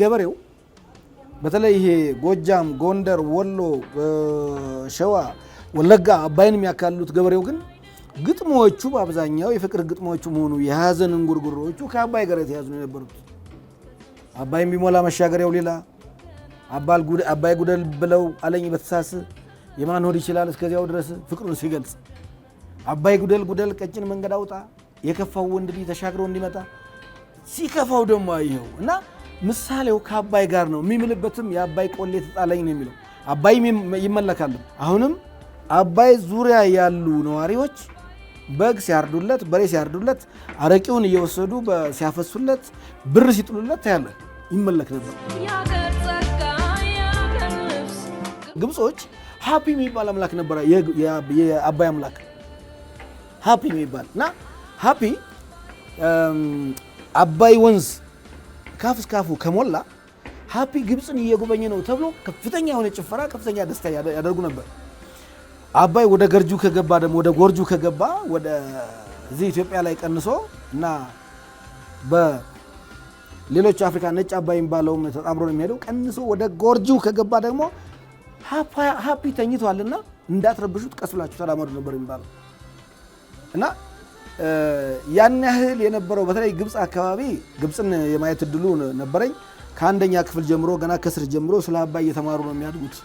ገበሬው በተለይ ይሄ ጎጃም፣ ጎንደር፣ ወሎ፣ ሸዋ፣ ወለጋ አባይን የሚያካልሉት ገበሬው ግን ግጥሞቹ በአብዛኛው የፍቅር ግጥሞቹ መሆኑ የሀዘን እንጉርጉሮቹ ከአባይ ጋር የተያዙ ነው የነበሩት። አባይም ቢሞላ መሻገሪያው ሌላ አባይ ጉደል ብለው አለኝ በተሳስ የማን ሆድ ይችላል እስከዚያው ድረስ ፍቅሩን ሲገልጽ አባይ ጉደል ጉደል ቀጭን መንገድ አውጣ የከፋው ወንድ ተሻግሮ እንዲመጣ ሲከፋው ደግሞ አይኸው እና ምሳሌው ከአባይ ጋር ነው። የሚምልበትም የአባይ ቆሌ ተጣለኝ ነው የሚለው አባይ ይመለካል። አሁንም አባይ ዙሪያ ያሉ ነዋሪዎች በግ ሲያርዱለት፣ በሬ ሲያርዱለት፣ አረቂውን እየወሰዱ ሲያፈሱለት፣ ብር ሲጥሉለት ታያለ። ይመለክ ነበር። ግብጾች ሀፒ የሚባል አምላክ ነበረ። የአባይ አምላክ ሀፒ የሚባል እና ሀፒ አባይ ወንዝ ካፍ እስካፉ ከሞላ ሀፒ ግብፅን እየጎበኘ ነው ተብሎ ከፍተኛ የሆነ ጭፈራ፣ ከፍተኛ ደስታ ያደርጉ ነበር። አባይ ወደ ገርጁ ከገባ ደግሞ ወደ ጎርጁ ከገባ ወደዚህ ኢትዮጵያ ላይ ቀንሶ እና በሌሎች አፍሪካ ነጭ አባይ የሚባለውም ተጣምሮ ነው የሚሄደው። ቀንሶ ወደ ጎርጁ ከገባ ደግሞ ሀፒ ተኝቷልና እንዳትረብሹት ቀስ ብላችሁ ተላመዱ ነበር የሚባለው እና ያን ያህል የነበረው በተለይ ግብፅ አካባቢ ግብፅን የማየት እድሉ ነበረኝ። ከአንደኛ ክፍል ጀምሮ ገና ከስር ጀምሮ ስለ አባይ እየተማሩ ነው የሚያድጉት።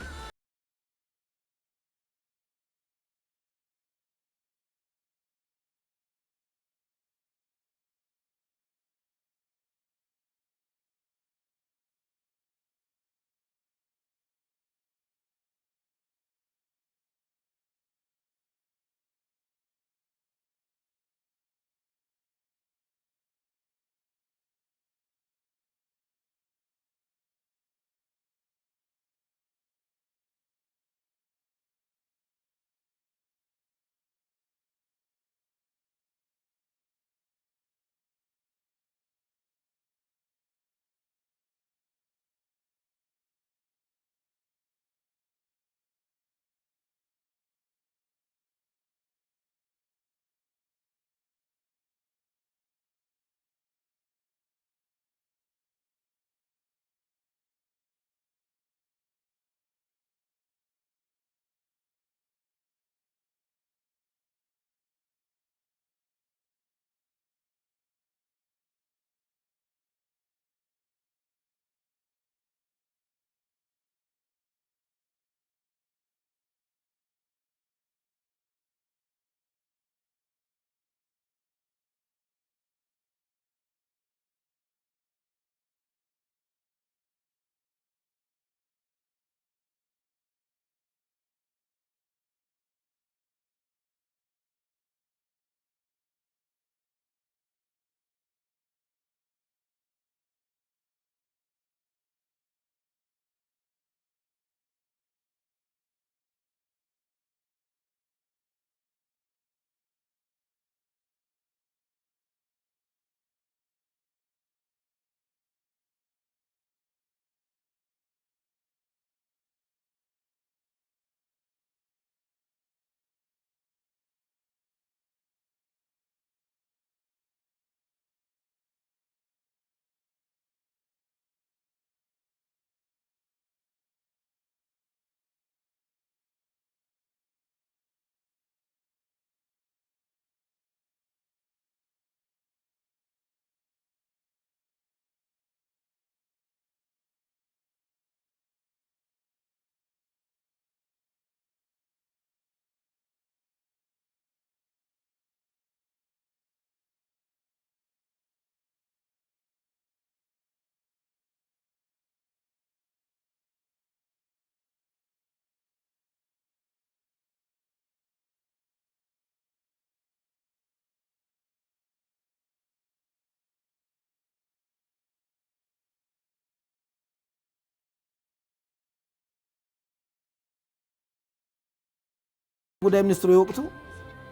ጉዳይ ሚኒስትሩ የወቅቱ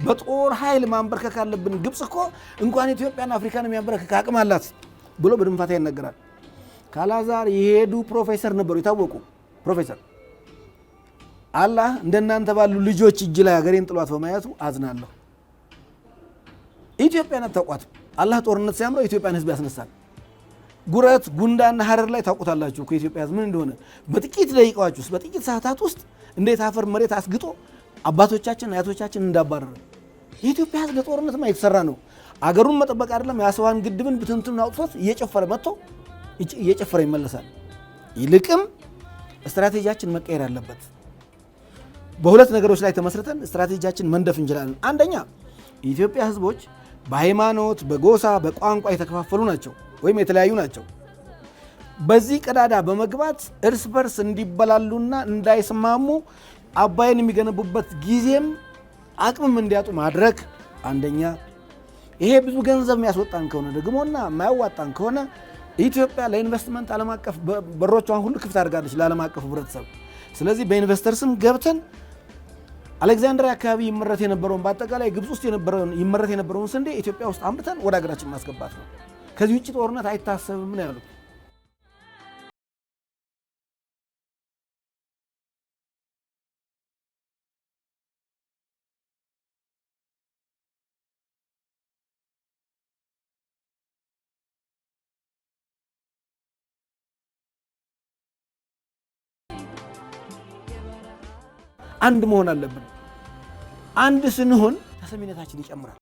በጦር ኃይል ማንበርከክ አለብን፣ ግብፅ እኮ እንኳን ኢትዮጵያን አፍሪካን የሚያንበረከክ አቅም አላት ብሎ በድንፋታ ይነገራል። ካላዛር የሄዱ ፕሮፌሰር ነበሩ፣ የታወቁ ፕሮፌሰር። አላህ እንደናንተ ባሉ ልጆች እጅ ላይ ሀገሬን ጥሏት በማየቱ አዝናለሁ። ኢትዮጵያን አታውቋት። አላህ ጦርነት ሲያምረው ኢትዮጵያን ሕዝብ ያስነሳል። ጉረት ጉንዳና ሀረር ላይ ታውቁታላችሁ ከኢትዮጵያ ሕዝብ ምን እንደሆነ በጥቂት ደቂቃዎች ውስጥ በጥቂት ሰዓታት ውስጥ እንዴት አፈር መሬት አስግጦ አባቶቻችን አያቶቻችን እንዳባረረ የኢትዮጵያ ህዝብ ለጦርነትማ የተሰራ ነው። አገሩን መጠበቅ አይደለም የአሰዋን ግድብን ብትንትን አውጥቶት እየጨፈረ መጥቶ እየጨፈረ ይመለሳል። ይልቅም ስትራቴጂያችን መቀየር አለበት። በሁለት ነገሮች ላይ ተመስርተን ስትራቴጂያችን መንደፍ እንችላለን። አንደኛ የኢትዮጵያ ህዝቦች በሃይማኖት፣ በጎሳ፣ በቋንቋ የተከፋፈሉ ናቸው ወይም የተለያዩ ናቸው። በዚህ ቀዳዳ በመግባት እርስ በርስ እንዲበላሉና እንዳይስማሙ አባይን የሚገነቡበት ጊዜም አቅምም እንዲያጡ ማድረግ አንደኛ። ይሄ ብዙ ገንዘብ የሚያስወጣን ከሆነ ደግሞና የማያዋጣን ከሆነ ኢትዮጵያ ለኢንቨስትመንት ዓለም አቀፍ በሮቿን ሁሉ ክፍት አድርጋለች ለዓለም አቀፍ ህብረተሰብ። ስለዚህ በኢንቨስተር ስም ገብተን አሌክዛንድሪያ አካባቢ ይመረት የነበረውን በአጠቃላይ ግብፅ ውስጥ ይመረት የነበረውን ስንዴ ኢትዮጵያ ውስጥ አምርተን ወደ ሀገራችን ማስገባት ነው። ከዚህ ውጭ ጦርነት አይታሰብም ነው ያሉት። አንድ መሆን አለብን። አንድ ስንሆን ተሰሚነታችን ይጨምራል።